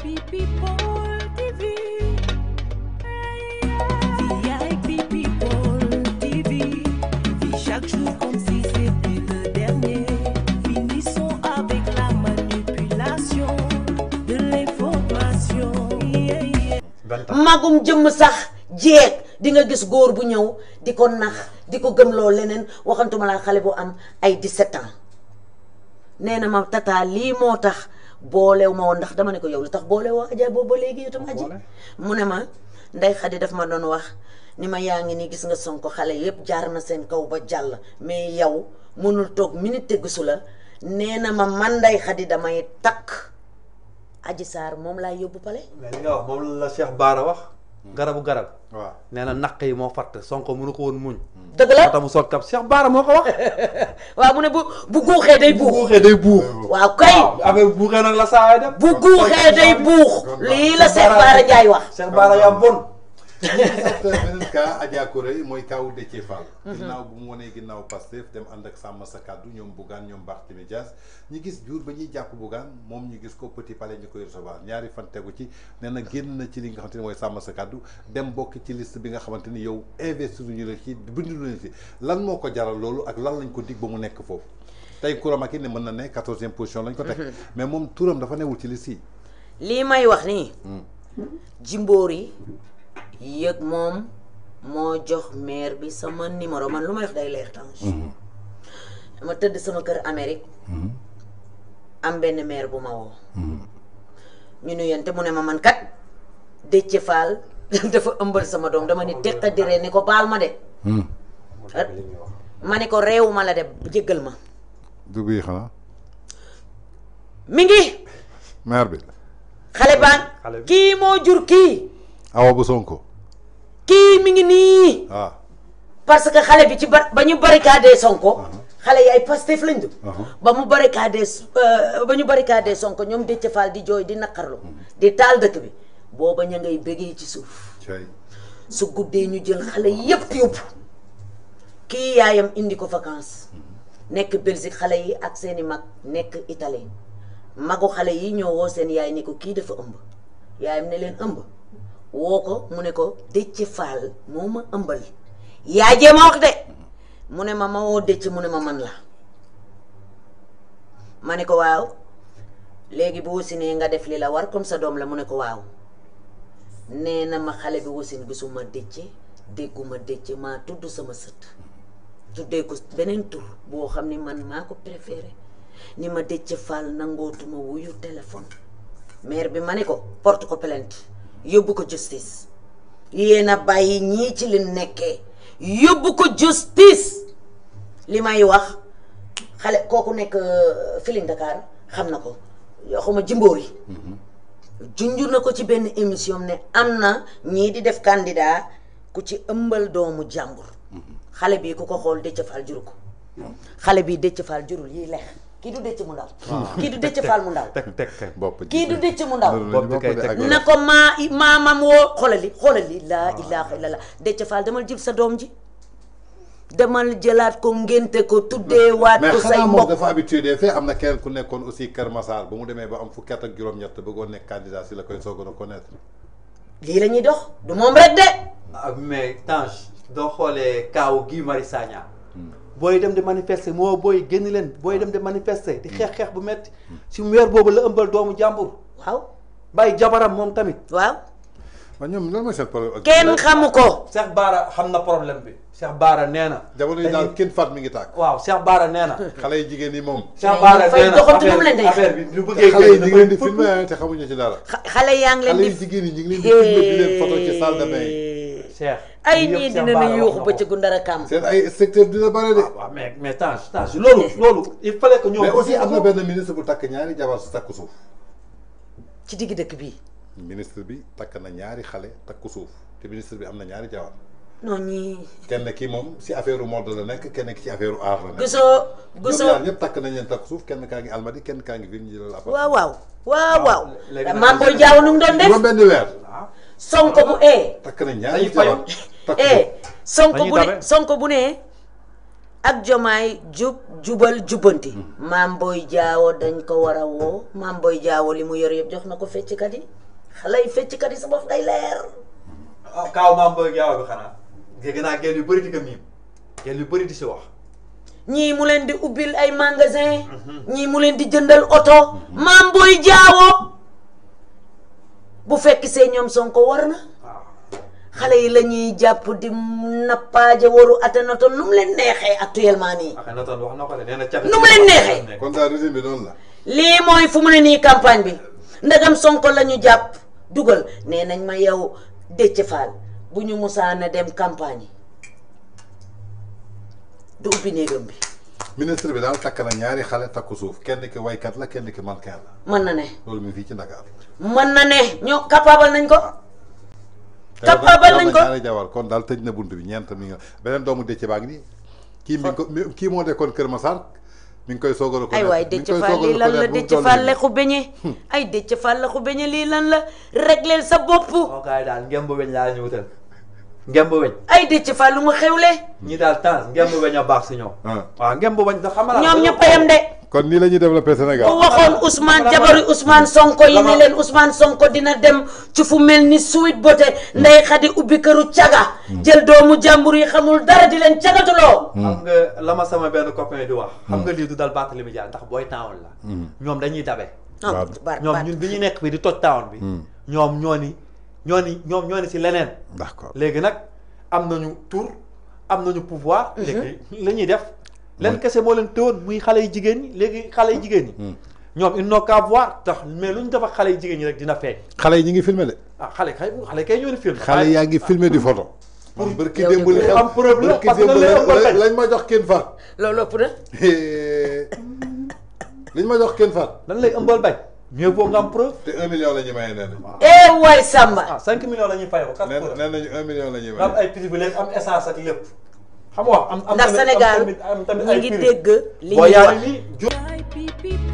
magum jëmm sax jeeg di gis góor bu ñëw di ko nax di ko gëmloo leneen waxantuma laa xale bu am ay 17 ans nee ma tata moo tax boolew ma woon ndax dama ne ko yow lu tax boolew woo Adja boobu ba léegi yow tam Adji mu ne ma Ndeye Khady daf ma doon wax ni ma yaa ngi ni gis nga Sonko xale yépp jaar ma seen kaw ba jàll mais yow mënul toog minute te gisu la nee na ma man Ndeye Khady damay takk Adji Sarr moom laay yóbbu pale moom la Cheikh Bara wax Mm. garabu garab. waaw nee na naq yi moo fatt sonko mënu ko woon muñ. Mm. dëgg la moo tax mu kap Cheikh Baara moo ko wax. waaw mu ne bu bu guuxee day buux. bu guuxee day buux. waaw nag la saa def. bu guuxee day buux. lii la Cheikh Baara Ndiaye wax. Cheikh Baara yaa bon. beneen cas mooy kaawu Déthié Fall mhm. ginnaaw bu mu wanee ginnaaw Pastef dem ànd sàmm sa kàddu ñoom Bougane ñoom Barthélémy Dias ñu gis jur ba ñuy jàpp Bougane moom ñu gis ko Petit Palais ñaari fan tegu ci nee na génn na ci li nga xamante ni mooy sàmm sa kàddu dem bokk ci liste bi nga xamante ni yow investir ñu la ci lan moo ko jaral ak lan lañ ko dig ba mu nekk foofu tey kuram ak ne mën na ne quatorzième position lañ ko teg mhm. mais moom turam dafa newul ci liste yi lii may wax nii hmm. jimboor yi yëg moom moo jox maire bi sama numéro man lu ma wax day leer Tange mhm. tëdd sama kër Amérique mhm. am benn maire bu ma woo mhm. ñu nuyante mu ne ma man kat Déthié dafa ëmbal sama doom dama ni teqa dire ni ko baal ma de ah. ma ni ko réew ma la de jéggal ma du bii xanaa mi ngi maire bi xale baan kii moo jur kii awa bu Sonko. kii mi ngi nii. Ah. parce que xale bi ci ba ba ñu barricadé Sonko. Uh-huh. xale yi ay Pastef lañ uh-huh. ba mu barricadé euh, ba ñu barricadé Sonko ñoom Déthié Fall di jooy di naqarlu uh-huh. di taal dëkk bi booba ña ngay bëggee ci suuf. su guddee ñu jël xale yépp yóbbu kii yaayam indi ko vacances nekk Belgique xale yi ak seeni mag nekk Italie magu xale yi ñëwoo seen yaay ni ko kii dafa ëmb yaayam ne leen ëmb. woo ko mu ne ko Déthié Fall moo ma ëmbal yaa jee ma wax de mu ne ma ma woo Déthié mu ne ma man la ma ne ko waaw léegi bu wasinee nga def li la war comme sa doom la mu ne ko waaw nee na ma xale bi wasin gisuma Déthié dégguma Déthié maa tudd sama sët tuddee ko beneen tur boo xam ne man maa ko préféré ni ma Déthié Fall nangootuma wuyu téléphone maire bi ma ne ko porte ko plainte yóbbu ko justice yéen a bàyyi ñii ci leen nekkee yóbbu ko justice li may wax xale kooku nekk euh, Feeling Dakar xam na ko xawma jimboor yi mhm. junjur na ko ci benn émission ne am na ñii di def kandidaa ku ci ëmbal doomu jàmbur mhm. xale bii ku ko xool Déthié Fall juru ko xale bii Déthié Fall jurul yiy lex kii du dëcc mu ndaw. kii du dëcc faal mu ndaw. teg teg teg bopp kii du dëcc mu ndaw. na ko maa maamam woo xoolali xoolali. laa ah. ilaaha illallaah dëcc faal damal jël sa doom ji. demal jëlaat ko ngénte ko tuddee waat ko say mbokk dafa habitué des faits am na kenn ku nekkoon aussi Kër Massar ba mu demee ba am fukki at ak juróom-ñett bëggoon nekk candidat si la koy soog a lii la ñuy dox du moom rek de. Ah, mais Tange doo xoolee kaaw gii Marius Sagna booy dem di manifester moo booy génn leen booy dem di ah. manifester di xeex xeex bu metti hmm. ci weer boobu la ëmbal doomu jàmbur. waaw bàyyi jabaram moom tamit. waaw. waaw ah, ñoom lan mooy seen problème. kenn xamu ko. Cheikh Baara xam na problème bi. Cheikh Baara nee na. jamono yi daal kenn faat mi ngi tàkk. waaw Cheikh Baara nee na. xale yi jigéen yi moom. Cheikh Baara nee na affaire bi ñu bëggee xale yi jigéen di filmé te xamuñu ci dara. xale yaa ngi leen di xale yi leen photo ci salle de ay ñii dinañu yuuxu ba ci Gundara Kam. seen ay secteur dina bare de. Ah, mais mais Tange Tange loolu loolu. il mais am na benn ministre bu takk ñaari jabar su takku suuf. ci digg dëkk bi. ministre bi takk na ñaari xale takku suuf te ministre bi am na ñaari jabar. non ñii. kenn ki moom si affaire mode la nekk kenn ki ci affaire aar la nekk. gosoo gosoo ñoom ñëpp takk nañ leen takku suuf kenn kaa ngi almadi kenn kaa ngi ville ñu jëlal. waaw waaw waaw ah, waaw. léegi nag jaaw nu mu benn weer. sonko bu ee. Eh. takk nañ ñaari eh, sonko bu ne sonko bu ne ak jomaay jub jubal jubbanti. Hmm. maam booy jaawo dañ ko war a woo maam booy jaawo li mu yor yëpp jox na ko fecckat yi xale yi fecckat yi sa bopp day leer. Ah, kaaw maam booy jaawo bi xanaa. dégg naa gel yu bëri di ko miim. gel yu bëri di si wax. ñii mu leen di ubbil ay magasin. Hmm. ñii mu leen di jëndal oto. Hmm. maam booy jaawo. bu fekk see ñoom Sonko war na ah. xale yi la ñuy jàpp di nappaaje waru Akhenaton nu mu leen neexee actuellement nii. Akhenaton wax na ko de na ca. nu mu leen neexee. kon daal lii mooy fu mu ne nii campagne bi ndegam Sonko lañu jàpp dugal nee nañ ma yow Déthié Fall bu ñu musaana dem campagne yi du ubbi néegam bi. ministre bi daal takk na ñaari xale takku suuf kenn ki waykat la kenn ki mannequin la. mën na ne loolu mi fii ci Dakar. mën na ne ñoo capable nañ ko. Ah. capable nañ ko ñaari jabar kon daal tëj na bunt bi ñeent mi nga beneen doomu Déthié baa ngi nii. kii mi ko kii moo dekkoon Kër Massar mi ngi koy soog a reconnaître ay waay Déthié Fall lii lan la Déthié Fall la xubeñe hmm. ay Déthié Fall la xubeñe lii lan la régleel sa bopp. moo kaay daal ngeen boobee ñu laa ñu wutal. ngemb weñ. ay dëcc fa lu mu xewle. ñi daal tans ngemb weñ a baax si ñoom. Ah. waaw ngemb weñ da xamal. a de. kon nii la ñuy développé Sénégal. ku waxoon Ousmane jabaru Ousmane Sonko yi ne leen Ousmane Sonko dina dem ci fu mel ni Suite Beauté nday xadi ubbi këru caga. Hmm. jël doomu jàmbur yi xamul dara di leen cagatuloo. Hmm. xam nga la ma sama benn copain di wax. xam nga hmm. lii du dal bàq li mu jaar ndax booy taawon la. ñoom dañuy dabe. Ah, ñoom ñun bi ñu nekk bi di toj taawon bi. ñoom ñoo ni ñoo ni ñoom ñoo ni si leneen. d'accord léegi nak am nañu tour am nañu pouvoir. Mhm. léegi lañuy def. leen kese mo len tëwoon muy xalé yu jigéen ñi léegi xale yu mm. jigéen ñi. Mm. n'ont qu'à voir tax mais luñu dafa xalé ak xale rek dina feeñ. xalé ñi ngi filmé de. ah xale xalé kay ñoo film xalé ya ngi ah. filmé di photo. barki démb li am problème parce que lañ ma jox kenn faat. loolu ëpp na. ma jox kenn faat. lan lay ëmbal bañ. mieux vaut nga am preuve. te 1 million la ñuy maye nee na. eh, eh waay Samba. ah 5 millions la ñuy fay ko. 4 preuves nee nañu 1 million la ñuy maye. am ay privilège am essence ak lépp. xam nga am am tamit am tamit ay prix ndax Sénégal ñu ngi dégg li.